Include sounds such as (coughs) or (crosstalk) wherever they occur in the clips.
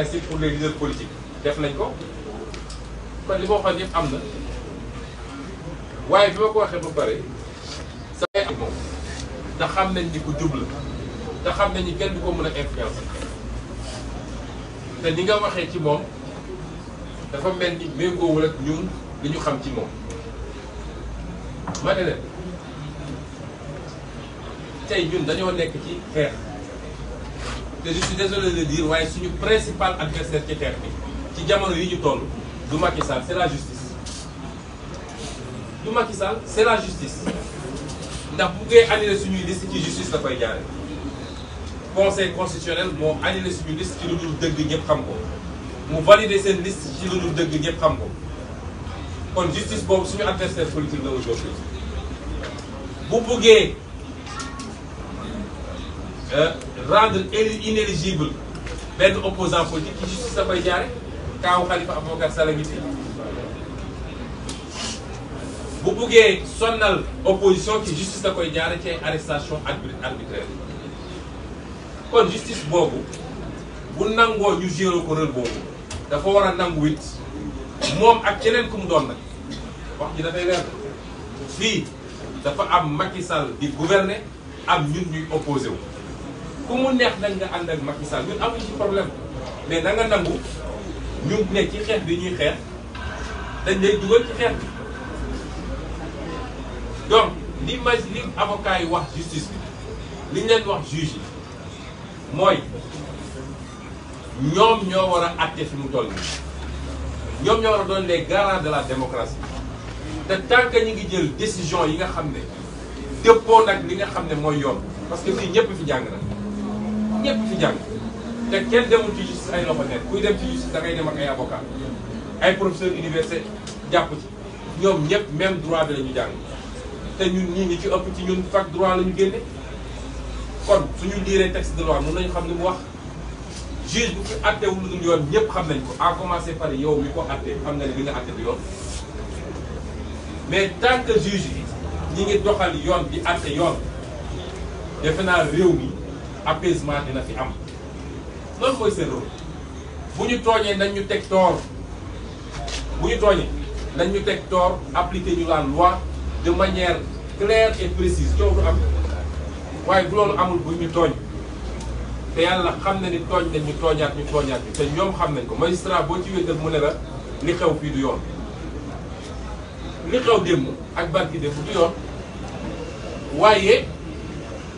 ainsi pour les leaders politiques def nañ ko kon li ma waxoon yëpp am na waaye bi ma ko waxee ba pare sa ak moom te xam nañ ni ku jubla te xam nañ ni kenn du ko mën a influence te ni nga waxee ci moom dafa mel ni méngoowul ak ñun li ñu xam ci moom ma ne tey ñun dañoo nekk ci xeex te je désolé de dire waaye suñu principal adversaire ci terre bi ci jamono yi ñu toll du Macky Sall c'est la justice du Macky Sall c'est la justice ndax bu ngay annulé suñuy liste ci justice la koy jaare conseil constitutionnel moo annulé suñu liste ci lu dul dëgg ñëpp xam ko mu validé seen liste ci lu dul dëgg ñëpp xam ko kon justice boobu suñu adversaire politique la aujourd'hui bu buggee Euh, rendre inéligible benn opposant politique ci justice dafay jaare kaawu Khalifa Ababacar Sall ngi fi bu buggee sonnal opposition ci justice da koy jaare ci arrestation arbitraire kon justice boobu bu nangoo ñu gérer ko rôle boobu dafa war a nangu moom ak keneen ku mu doon nag wax ji dafay leer fii dafa am Macky Sall di gouverner am ñun ñuy opposé wu ku mu neex nag nga ànd ak Macky Sall ñun amuñu ci problème mais na nangu ñu ne ci xeet bi ñuy xeex dañ lay dugal ci xeex bi donc li ma li avocat yi wax justice bi li ñu leen wax juge yi mooy ñoom ñoo war a àtte fi mu toll nii ñoom ñoo war a doon les garants de la démocratie te tant que ñu ngi jël décision yi nga xam ne dëppoo nag li nga xam ne mooy yoon parce que fii ñëpp fi jàng na ñëpp fi jàng te kenn demul ci justice ay loxo neen kuy dem ci justice da dem ak ay avocat ay professeur université jàpp ci ñoom ñëpp même droit bi la ñu jàng te ñu ñii ñi ci ëpp ci ñun fac droit la ñu génne kon suñu liiree texte de loi mën nañu xam ni mu wax juge bu fi attewul lu dul yoon ñëpp xam nañ ko à commencer par yow mi ko atte xam na ne li nga atte du yoon mais tant que juge yi ñi ngi doxal yoon bi atte yoon defe naa réew mi apaisement dina fi am loolu mooy seen tooñee nañ teg tort bu ñu tooñee nañ ñu teg tort appliquer ñu la loi de manière claire et précise coow du am waaye bu loolu amul bu ñu tooñ te yàlla xam na ni tooñ nañ ñu tooñaat ñu tooñaat ñu te ñoom xam nañ ko magistrat boo ci wéetal mu ne la li xew fii du yoon li xew démb ak barki démb du yoon waaye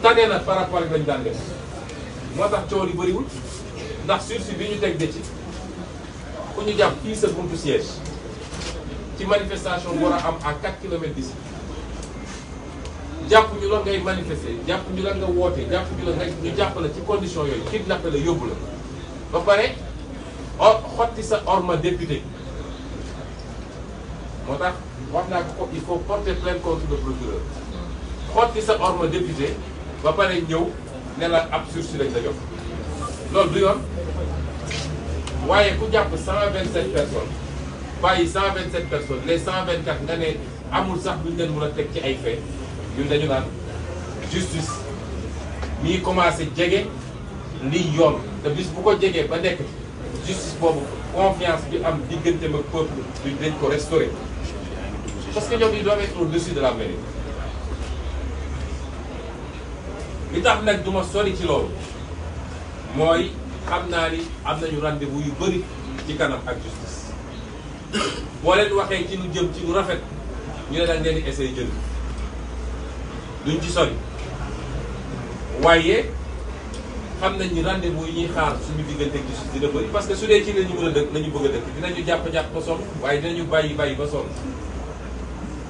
tane na par rapport ak daan def moo tax coow li bëriwul ndax sursis bi ñu teg de ci ku ñu jàpp fii sa buntu siège ci manifestation war a am à 4 kilomètres d'ici jàpp ñu la ngay manifester jàpp ñu la nga woote jàpp ñu la nga ñu jàpp la ci condition yooyu kidnappé la yóbbu la ba pare or xotti sa orma député moo tax wax naa ko il faut porter plainte contre le procureur xotti sa orma député ba pare ñëw. ne la ab sursis lañ la jox loolu du yoon waaye ku jàpp 127 personnes bàyyi 127 personnes les 124 nga ne amul sax buñ leen mën a teg ci ay fait ñun dañu naan justice mii commencé jege liy yoon te bis bu ko jegee ba nekk justice boobu confiance bi am diggante ak peuple bi dañ ko restaurer parce que ñoom ils doivent être au-dessus de la mêlée li tax nag du ma sori ci loolu mooy xam naa ni am na nañu rendez-vous yu bari ci kanam ak justice boo leen waxee ci lu jëm ci lu rafet ñu ne dañ leen di essayer jël duñ ci sori waaye xam nañ ni rendez-vous yi ñuy xaar suñu diggante ak justice dina bëri parce que su dee ci la ñu mën a dëkk la ñu bëgg a dëkk jàpp-jàpp ba sonn waaye dinañu bàyyi bàyyi ba sonn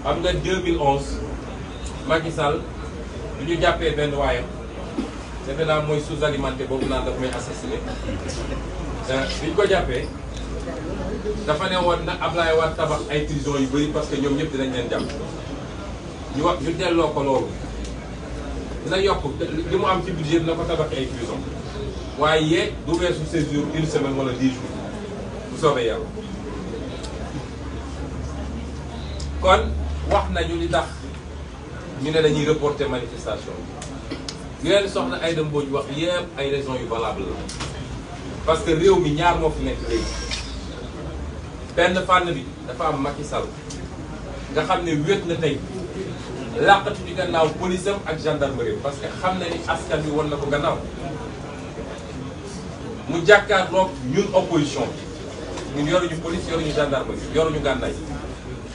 xam nga 2011 Macky Sall. bi ñu jàppee benn waayam defe naa mooy sous-alimenté boobu naan daf may assassiné euh, bi ñu ko jàppee dafa ne woon na Ablaye Wade tabax ay prison yu bëri parce que ñoom ñëpp dinañ leen jàpp ñu wax ñu delloo ko loolu dina yokk li mu am ci budget dina ko tabax ay prison waaye du weesu séjour une semaine wala dix jours bu soobee yàlla kon wax nañu li tax ñu ne dañuy reporter manifestation bi yeneen soxna ay dem boo ñu wax yëpp ay raisons yu valable la parce que réew mi ñaar moo fi nekk léegi benn fànn bi dafa am Macky Sall nga xam ne wéet na tey làqatu ci gannaaw police am ak gendarmerie parce que xam na ni askan wi won na ko gannaaw mu jàkkaarloog ñun opposition bi ñun yoruñu police yoruñu gendarmerie yoruñu gànnaay.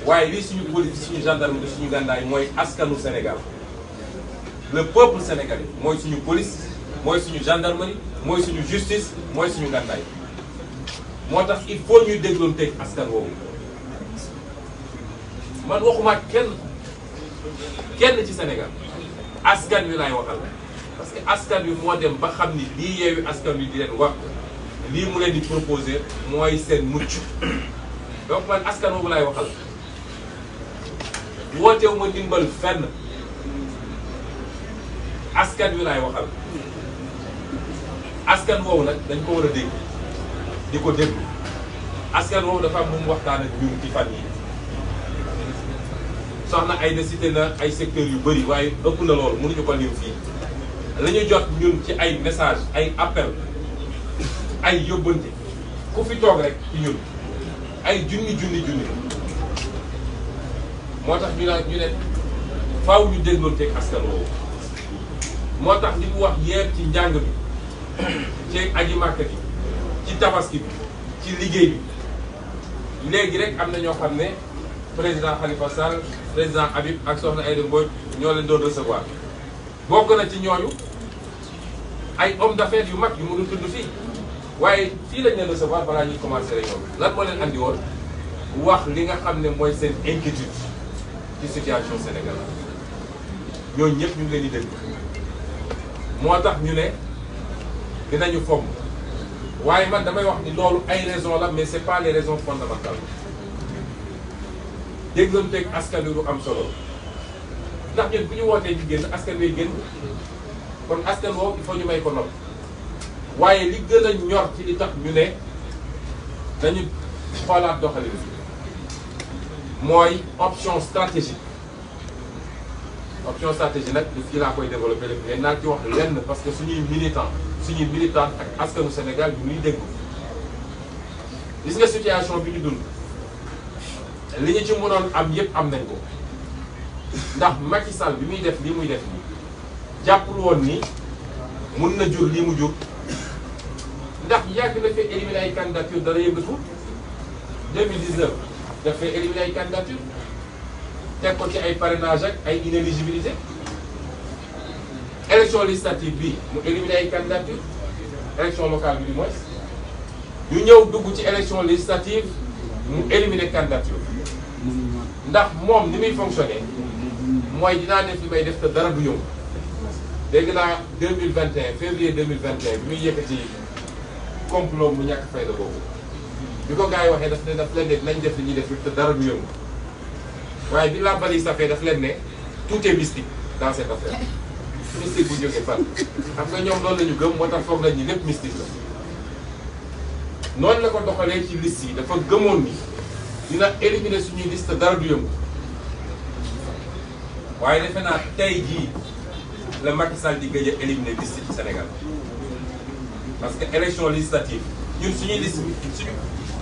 waaye lii suñu police suñu gendarme bi suñu gànnaay mooy askanu Sénégal le peuple sénégalais mooy suñu police mooy suñu gendarmerie mooy suñu justice mooy suñu gànnaay moo tax il faut ñuy dégloon teg askan woowu man waxuma kenn kenn ci Sénégal askan wi laay waxal parce que askan wi moo dem ba xam ni lii yeewi askan wi di leen wax lii mu leen di proposer mooy seen mucc donc askan woowu laay waxal wootewu ma dimbal fen askan wi laay askan woowu nag dañ ko war a dégg di ko déglu askan woowu dafa am lu mu waxtaan ak ñun ci fan yi soxna ay de cité na ay secteurs yu bëri waaye ëpp na loolu mënuñu ko lim fii la ñu jot ñun ci ay message ay appel ay yóbbante ku fi toog rek ci ñun ay junni junni junni moo tax ñu naan ñu ne faaw ñu dégloonteeg askan woowu moo tax li mu wax yeer ci njàng bi ci aji màkk bi ci tabaski bi ci liggéey bi léegi rek am na ñoo xam ne président Khalifa Sall président Habib ak soxna Aïda Mbodj ñoo leen doon recevoir bokk na ci ñooñu ay homme d'affaires yu mag yu mu mënul tudd fii waaye fii lañ leen recevoir balaa ñuy commencé réunion bi lan moo leen andi woon wax li nga xam ne mooy seen inquiétude ci situation Sénégal ñooñu ñëpp ñu ngi leen di dégg moo tax ñu ne dinañu fomm waaye man damay wax ni loolu ay raison la mais c'est pas les raisons fondamentales dégganteeg askan wi du am solo ndax ñun bu ñu wootee ñu génn askan wi génn kon askan woowu il faut ñu may ko nopp waaye li gën a ñor ci li tax ñu ne dañu xoolaat doxalin mooy option stratégique option stratégique nag du fii laa koy développé lépp mais naa ci wax lenn parce que suñuy militant suñuy militant ak askanu Sénégal bi muy dégg gis nga situation bi ñu dund li ñu ci mënoon am yépp am nañ ko ndax Macky Sall bi muy def lii muy def jàppul woon ni mun na jur lii mu jur ndax yàgg na fi éliminer ay candidature dara yëngatu 2019 dafay éliminer ay candidature teg ko ci ay parrainage ak ay inéligibilité élection législative bi mu éliminer ay candidature élection locale bi du moins ñu ñëw dugg ci élection législative mu éliminer candidature ndax moom ni muy fonctionner mooy dinaa def li may def te dara du ñëw dégg naa 2021 vingt 2021 bi muy yëkkati complot mu ñàkk fayda boobu bi ko gaa yi waxee daf ne daf leen ne nañ def li ñuy def te dara du yëngu waaye bi la bali safee daf leen ne tout est mystique bu jógee fan xam nga ñoom loolu la gëm moo tax foofu nañ ni lépp mystique la noonu la ko doxalee ci liste yi dafa gëmoon ni dina éliminer suñuy liste dara du yëngu waaye defe naa tey jii la Macky Sall di gëj a éliminer liste ci Sénégal parce que élection législative ñun suñuy liste bi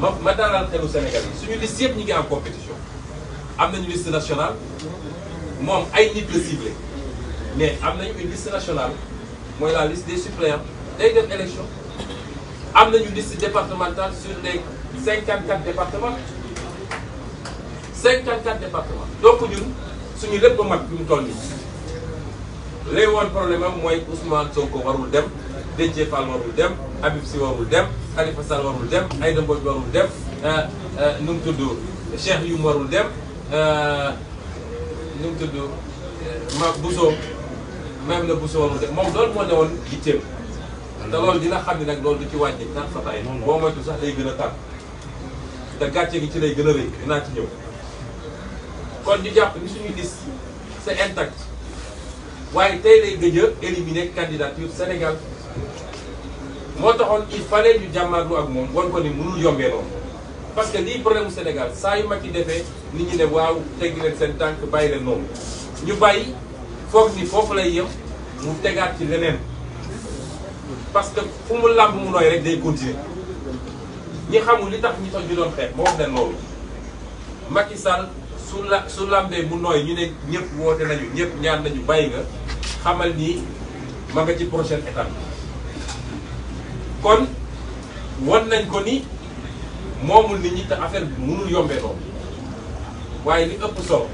ma ma dalal xelu Sénégal yi suñu liste yëpp ñu ngi am compétition am nañu liste nationale moom ay nit la ciblé mais am nañu une liste nationale mooy la liste des suppléants day def élection am nañu liste départementale sur les 54 départements 54 départements donc ñun suñu lépp ba mat bi mu toll nii lay woon problème am mooy Ousmane Sonko warul dem Déthié Fall warul dem Habib Sy warul dem Khalifa Sall warul dem Aïda Mbodj warul dem euh, euh, nu mu tudd Cheikh Youm warul dem euh, nu mu tudd ma Bousso même la Bousso warul dem moom loolu moo ne woon yitteem te loolu dina xam ne nag loolu du ci wàññi naan fataay boo moytu sax day gën a tar te gàcce gi ci lay gën a rëy dinaa ci ñëw kon ñu jàpp ni suñu liste c'est intact waaye tey lay gëj a éliminer senegal moo taxoon il fallait ñu jàmmaarlu ak moom wan ko ni mënul yombee noonu parce que lii problème Sénégal saa yu Macky defee nit ñi ne waaw teggi leen seen tànk bàyyi leen noonu ñu bàyyi foog ni foofu lay yem mu tegaat ci leneen parce que fu mu làmb mu nooy rek day continuer ñi xamul li tax ñi tax ñu doon xeex moo wax leen mag Macky Sall su la su làmbee mu nooy ñu ne ñëpp woote nañu ñëpp ñaan nañu bàyyi nga xamal ni ma nga ci prochaine étape kon won nañ ko ni moomul nit ñi te affaire bi mënul yombee waaye li ëpp solo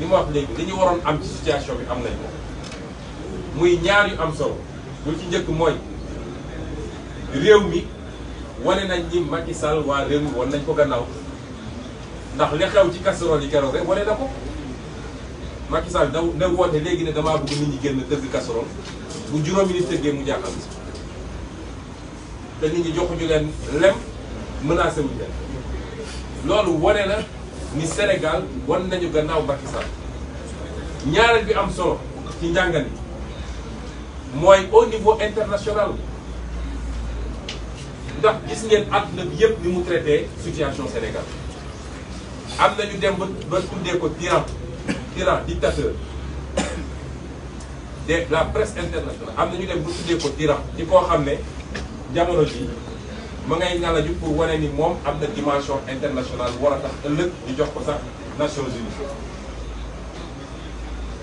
li ma wax léegi li ñu waroon am ci situation bi am nañ ko muy ñaar yu am solo lu ci njëkk mooy réew mi wane nañ ni Macky Sall waa réew mi wan nañ ko gannaaw ndax li xew ci casserole yi keroog rek wane na ko Macky da na woote léegi ne damaa bëgg nit ñi génn dëgg casserole bu juróomi nit tëggee mu jaaxal te nit ñi joxuñu leen lem menacé wuñu leen loolu wane na ni Sénégal wan nañu gannaaw Macky Sall ñaareel bi am solo ci njàngal mooy au niveau international ndax gis ngeen àdduna bi yëpp ni mu traité situation Sénégal am nañu dem ba ba tuddee ko tyran tyran dictateur (coughs) de la presse internationale am na ñu dem ba tuddee ko tyran ci koo xam ne jamono ji ma ngay ngalaju pour wane ni moom am na dimension internationale war a tax ëllëg ñu jox ko sax Nations de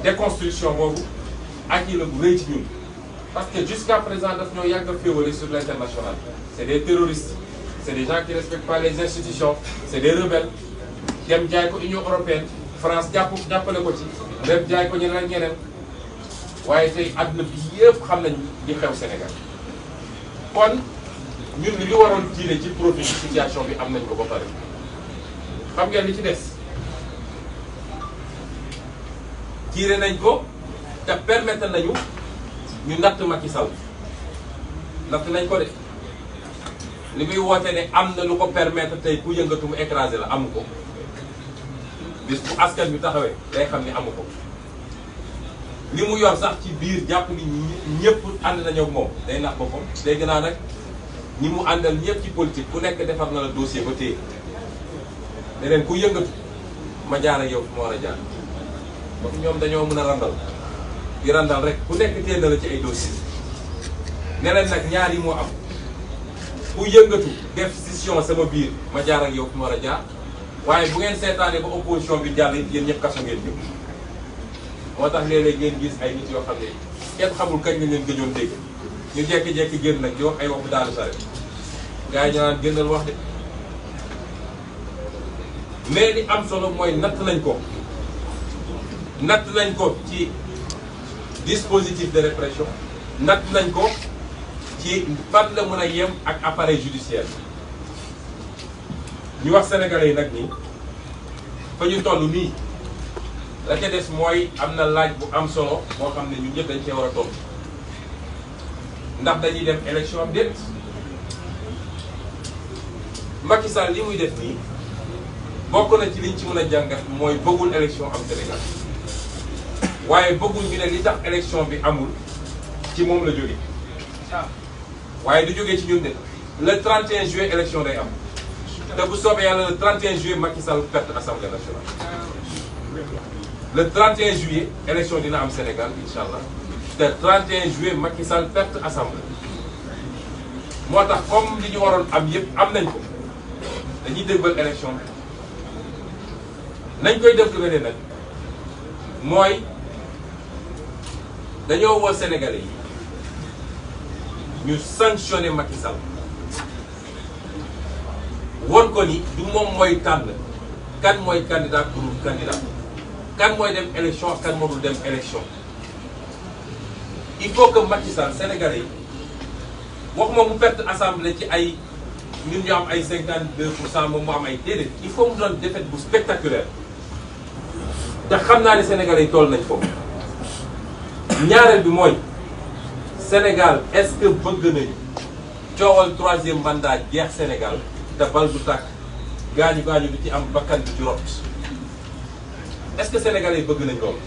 déconstruction boobu ak yi la bu rëy ci parce que jusqu'à présent daf ñoo yàgg a féewale sur l'international c'est des terroristes c'est des gens qui respectent pas les institutions c'est des rebelles dem jaay ko Union européenne France jàpp jàppale ko ci dem jaay ko ñeneen ak ñeneen waaye tey àdduna bi yëpp xam nañ li xew Sénégal kon ñun li waroon tiire ci profitisation bi am nañ ko ba pare xam ngeen li ci des tiire nañ ko te permettre nañu ñu natt ci Sall natt nañ ko de li muy woote ne am na lu ko permettre tey ku yëngatu mu écrasé la amu ko bis bu askan taxawee day xam ni amu ko li mu yor sax ci biir jàpp ni ñëpp ànd nañu ak moom day nax boppam day gën a ñi mu àndal ñëpp ci politique ku nekk defar na la dossier ba téye leneen ku yëngatu ma jaar ak yow fu ma war a jaar donc ñoom dañoo mën a randal di randal rek ku nekk téye na la ci ay dossier neneen nag ñaar yi moo am ku yëngatu def décision sama biir ma jaar ak yow fu ma war a jaar waaye bu ngeen seetaanee ba opposition bi jàll yéen ñëpp kaso ngeen jëm moo tax léeg-léeg ngeen gis ay nit yoo xam ne kenn xamul kañ lañ leen gëjoon dégg ñu jékki-jékki génn nag di wax ay wax bu daanu sare gars yi ñu naan génnal wax de mais li am solo mooy natt nañ ko natt nañ ko ci dispositif de répression natt nañ ko ci fan la mën a yem ak appareil judiciaire ñu wax sénégalais yi nag nii fa ñu nii la ca mooy am na laaj bu am solo boo xam ne ñun ñëpp dañ cee war a toog ndax dañuy dem élection am déet Macky li muy def nii bokk na ci liñ ci mën a jàngat mooy bëggul élection am Sénégal waaye bëggul ñu ne li tax élection bi amul ci moom la jóge waaye du jógee ci ñun de le 31 juillet élection day am te bu soobee yàlla le 31 juillet Macky Sall perte assemblée le 31 juillet élection dina am Sénégal incha allah te 31 juillet Macky Sall perte assemblée moo tax comme li ñu waroon am yëpp am nañ ko dañuy dëgbal élection nañ koy def gëne nag mooy dañoo woo Sénégalais yi ñu sanctionné Macky Sall ko ni du moom mooy tànn kan mooy candidat pour candidat kan mooy dem élection ak kan mënul dem élection il faut que Macky Sall Sénégalais yi waxuma mu perte assemblée ci ay ñun ñu am ay 52 pour cent moom mu am ay déedéet il mu doon défaite bu spectaculaire te xam naa ne Sénégalais yi toll nañ foofu ñaareel bi mooy Sénégal est-ce que bëgg nañu coowal troisième mandat jeex Sénégal te bal du tàkk gaañu gaañu du ci am bakkan du est-ce que sénégalais bëgg nañ loolu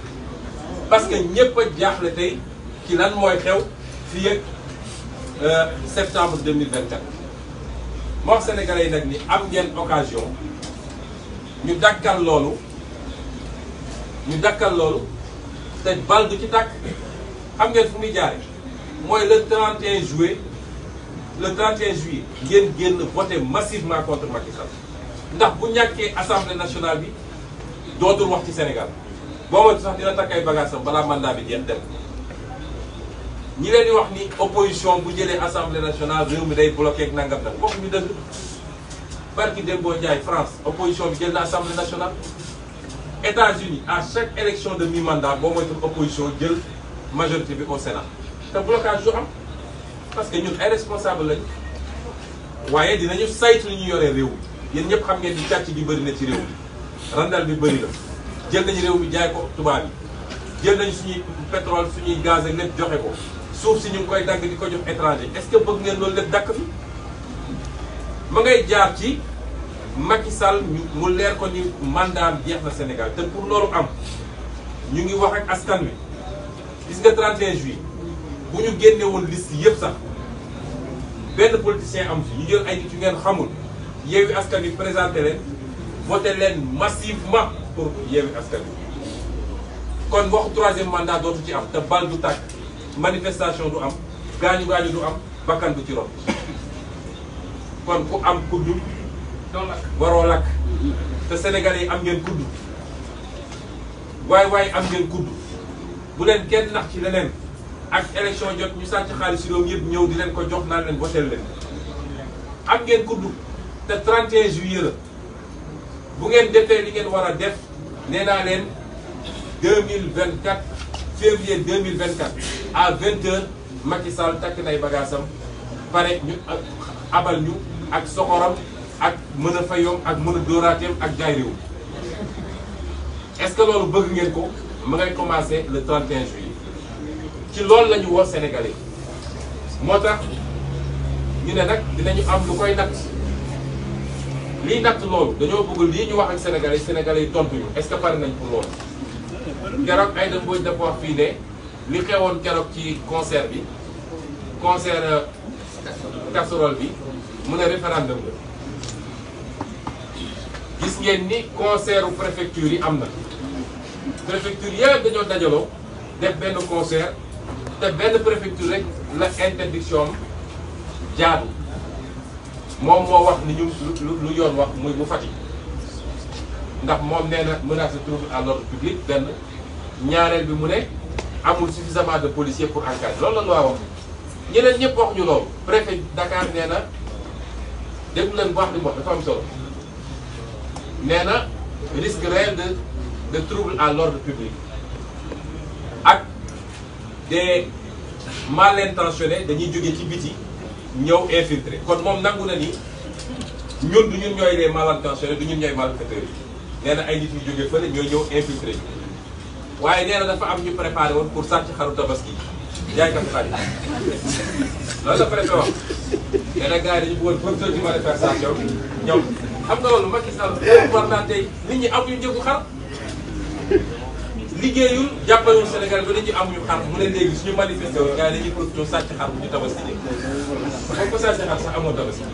parce que ñëpp a jaaxle tey ci lan mooy xew fii ak euh, septembre 2024 moo wax sénégalais yi nag ni am ngeen occasion ñu dakkal loolu ñu dakkal loolu te bal du ci tàkk xam ngeen fu muy jaare mooy le 31 juillet le 31 juillet ngeen génn voté massivement contre Macky Sall ndax bu ñàkkee assemblée nationale bi dootul wax ci Sénégal boo moytu sax dina takk ay bagages am balaa mandat bi jeex dem ñi leen di wax ni opposition bu jëlee assemblée nationale réew mi day bloqué ak nangam nag kooku ñu dëgg barki Dembo Ndiaye France opposition bi jël na assemblée nationale. États-Unis à chaque élection de mi-mandat boo moytu opposition jël majorité bi au Sénat te blocage du am parce que ñun ay responsable lañu waaye dinañu saytu li ñu yore réew mi yéen ñëpp xam ngeen ni càcc bëri na ci randal bi bëri la jël nañu réew mi jaay ko tubaab yi jël nañu suñuy pétrole suñuy gaz ak lépp joxe ko suuf si ñu ngi koy dagg di ko jox étranger est-ce que bëgg ngeen loolu lépp dàkk fi ma ngay jaar ci Macky Sall mu leer ko ni mandaam jeex na Sénégal te pour loolu am ñu ngi wax ak askan wi gis nga 31 juillet bu ñu génne woon liste yëpp sax benn politicien am si ñu jël ay nit yu ngeen xamul yeewi askan wi présenté leen voté leen massivement pour Yewwi Askan Wi kon waxu troisième mandat dootu ci am te bal du tàkk manifestation du am gaañu gaañu du am bakkan du ci rot kon ku am kudd waroo lakk te sénégalais yi am ngeen kudd waaye waay am ngeen kudd bu leen kenn nax ci leneen ak élection jot ñu sàcc xaalis réew yëpp ñëw di leen ko jox naa leen voté leen am ngeen kudd te 31 juillet la bu ngeen defee li ngeen war a def nee naa leen 2024 février 2024 à 20h Macky Sall takk nay bagaasam pare ñu euh, abal ñu ak soxoram ak mën a fayoom ak mën a dóoraateem ak jaay réew est bëgg ngeen ko ma ngay commencer le 31 juillet ci loolu la ñu sénégal Sénégalais moo tax ñu ne nag dinañu am lu koy natt. lii natt loolu dañoo bëgg lii ñu wax ak sénégalais sénégal yi tontu yi est que pare nañ pour loolu. keroog Aïda Mbodj dafa wax fii ne li xewoon keroog ci concert bi concert euh, casserole bi mu ne référendum la. gis ngeen ni concert u préfecture yi am na préfecture yëpp dañoo dajaloo def benn concert te benn préfecture rek la interdiction am jaadu. moom moo wax ni ñu lu lu yoon wax muy mu Fatick ndax moom nee na menace de trouble à l'ordre public benn ñaareel bi mu ne amul suffisamment de policier pour encadrer lool la loi wax ñeneen ñëpp wax ñu loolu préfet Dakar nee na déglu leen bu wax li mu wax am solo nee na risque réel de de trouble à l'ordre public ak des mal intentionnés dañuy jóge ci biti ñëw infiltré kon moom nangu na ni ñun du ñun ñooy les malintentionnés du ñun ñooy malfaiteurs yi nee na ay nit ñu jógee fële ñooy ñëw infiltré ñu waaye nee dafa am ñu préparé woon pour sàcc xaru tabaski jaay kat xar yi loolu la préfet wax nee na gars yi dañu bëggoon professeur di manifestation ñoom xam nga loolu Macky Sall war nit ñi amuñu njëgu xar liggéeyul jàppalewul Sénégal bi dañu ci amuñu xar mu ne léegi suñu manifesté woon gars yi dañuy profité sàcc xar bu ñu tabaski de boo ko sàcc xar sax amoo tabaski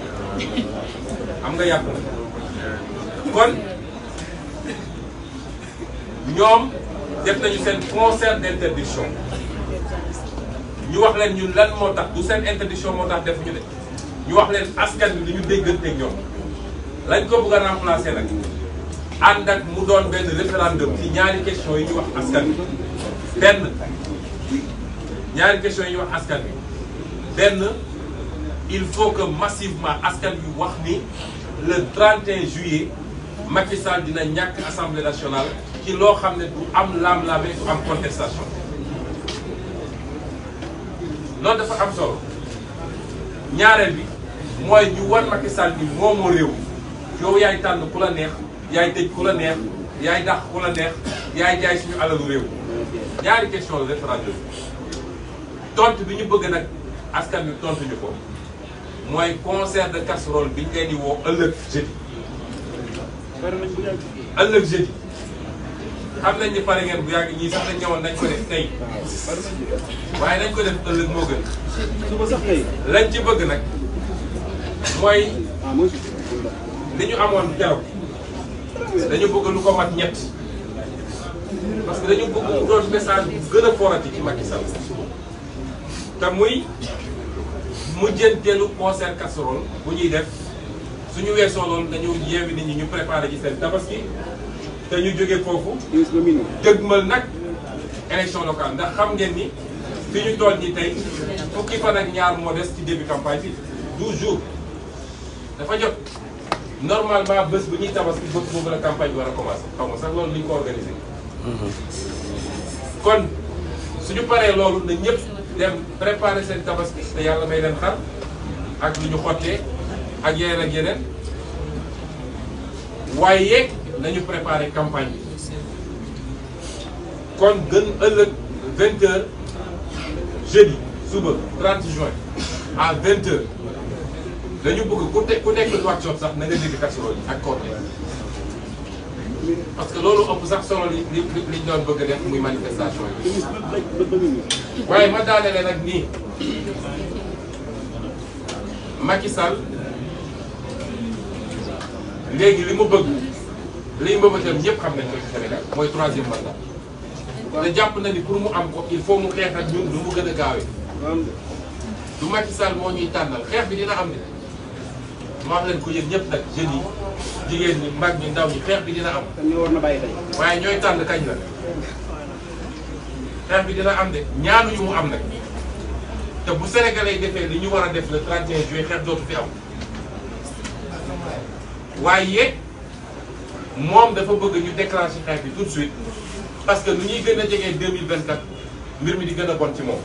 am nga yàpp na kon ñoom def nañu seen concert d'interdiction ñu wax leen ñun lan moo tax du seen interdiction moo tax def ñu de ñu wax leen askan bi du ñu déggante ñoom lañ ko bëgg a remplacer nag ànd ak mu doon benn référendum ci ñaari question yi ñu wax askan bi benn ñaari question yi ñu wax askan bi benn il faut que massivement askan yu wax ni le 31 juillet Macky Sall dina ñàkk assemblée nationale ci loo xam ne du am laam-laame du am contestation loolu dafa am solo ñaareel bi mooy ñu wan Macky Sall bi moomoo réew yow yaay tànn ku la neex yaay tëj ku la neex yaay dàq ku la neex yaay jaay suñu alalu réew ñaari question la référendum tontu bi ñu bëgg nag askan wi tontu ñu ko mooy concert de casserole bi ñu leen di woo ëllëg jeudi ëllëg jeudi xam nañ ni pare ngeen bu yàgg ñii sax dañ ñëwoon nañ ko def tey waaye nañ ko def ëllëg moo gën lañ ci bëgg nag mooy li ñu amoon jaww dañu bëgg lu ko mat ñett parce que dañu bëgg mu doon message bu gën a forati ci Macky Sall te muy mujjanteelu concert casserole bu ñuy def suñu weesoo loolu dañu yeewi nit ñi ñu préparé ci seen tabaski te ñu jógee foofu dëgmal nag élection locale ndax xam ngeen ni fi ñu toll nii tey fukki fan ak ñaar moo des ci début campagne bi 12 jours dafa jot normalement bés bu bi tabaski bés boobu la campagne bi war a commencé xaw ma sax loolu li ñu ko organisé. Mhm. kon suñu paree loolu na ñëpp dem préparer seen tabaski te yàlla may leen xar ak lu ñu xottee ak yeneen ak yeneen waaye nañu préparer campagne bi kon gën ëllëg vingt heures jeudi suba 30 juin à vingt dañu bëgg ku te ku nekk Nouakchott sax na nga dégg casserole yi ak cornet parce que loolu ëpp sax solo li li liñ doon bëgg def muy manifestation yi. waaye ma daanele nag nii Macky Sall léegi li mu bëgg liy ma ñëpp xam nañ ko ci Sénégal mooy troisième mandat. te jàpp na ni pour mu am ko il faut mu xeex ak ñun lu mu gën a gaawee. du Macky moo ñuy tànnal xeex bi dina am de. ma wax leen ko yéen ñëpp nag jeunes yi jigéen ñi mag ñi ndaw ñi xeex bi dina am. waaye ñooy tànn kañ la xeex bi dina am de ñaanuñu mu am nag te bu Sénégalais yi defee li ñu war a def le 31 juillet xeex dootu fi am waaye moom dafa bëgg ñu déclencher xeex bi tout de parce que nu ñuy gën a jegee 2024 mbir mi di gën a bon ci moom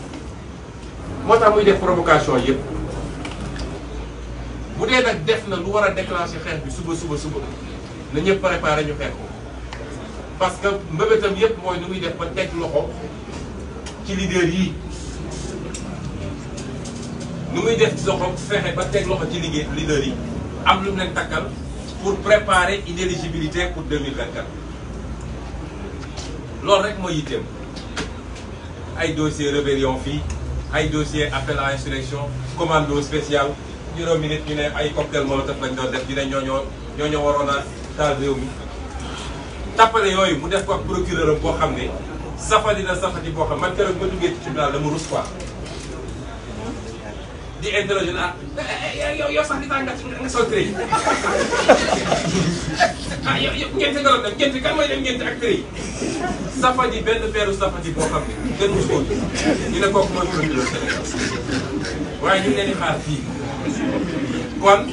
moo tax muy def provocation yëpp. bu dee nag def na lu war a déclencher xeex bi suba suba suba na ñëpp préparé ñu xeex ko parce que mbébétam yépp mooy nu muy def ba teg loxo ci leader yi nu muy def ci loxo fexe ba teg loxo ci liggéey leader yi am lu mu leen takkal pour préparer inéligibilité pour 2024 loolu rek mooy yitteem ay dossier rébellion fii ay dossier appel à insurrection commando spécial juróomi nit ñu ne ay cocktail molotov lañ doon def ñu ne ñooñoo ñooñoo waroon a taal réew mi tappale yooyu mu def ko ak procureur am boo xam ne safadi na safadi boo xam man keroog ma duggee ci tribunal dama rus quoi di interroger ah eh, yow yow sax di taal nga nga sol tëre yi (laughs) ah yow yow ngente nga doon dem ngente kan mooy dem ngente ak tëre yi safadi benn peeru safadi boo xam ne kenn musu ko ñu ne kooku mooy procureur Sénégal waaye ñu ngi leen di xaar fii. kon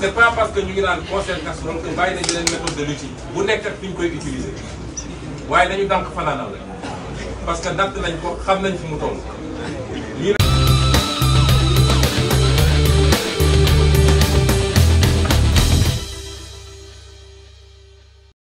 c' est pas que ñu ngi naan conseil casserole que bàyyi nañu leen méthode de lutte bu nekk ak fi ñu koy utiliser waaye nañu dànk fanaanal rek parce que natt nañ ko xam nañ fi mu toll.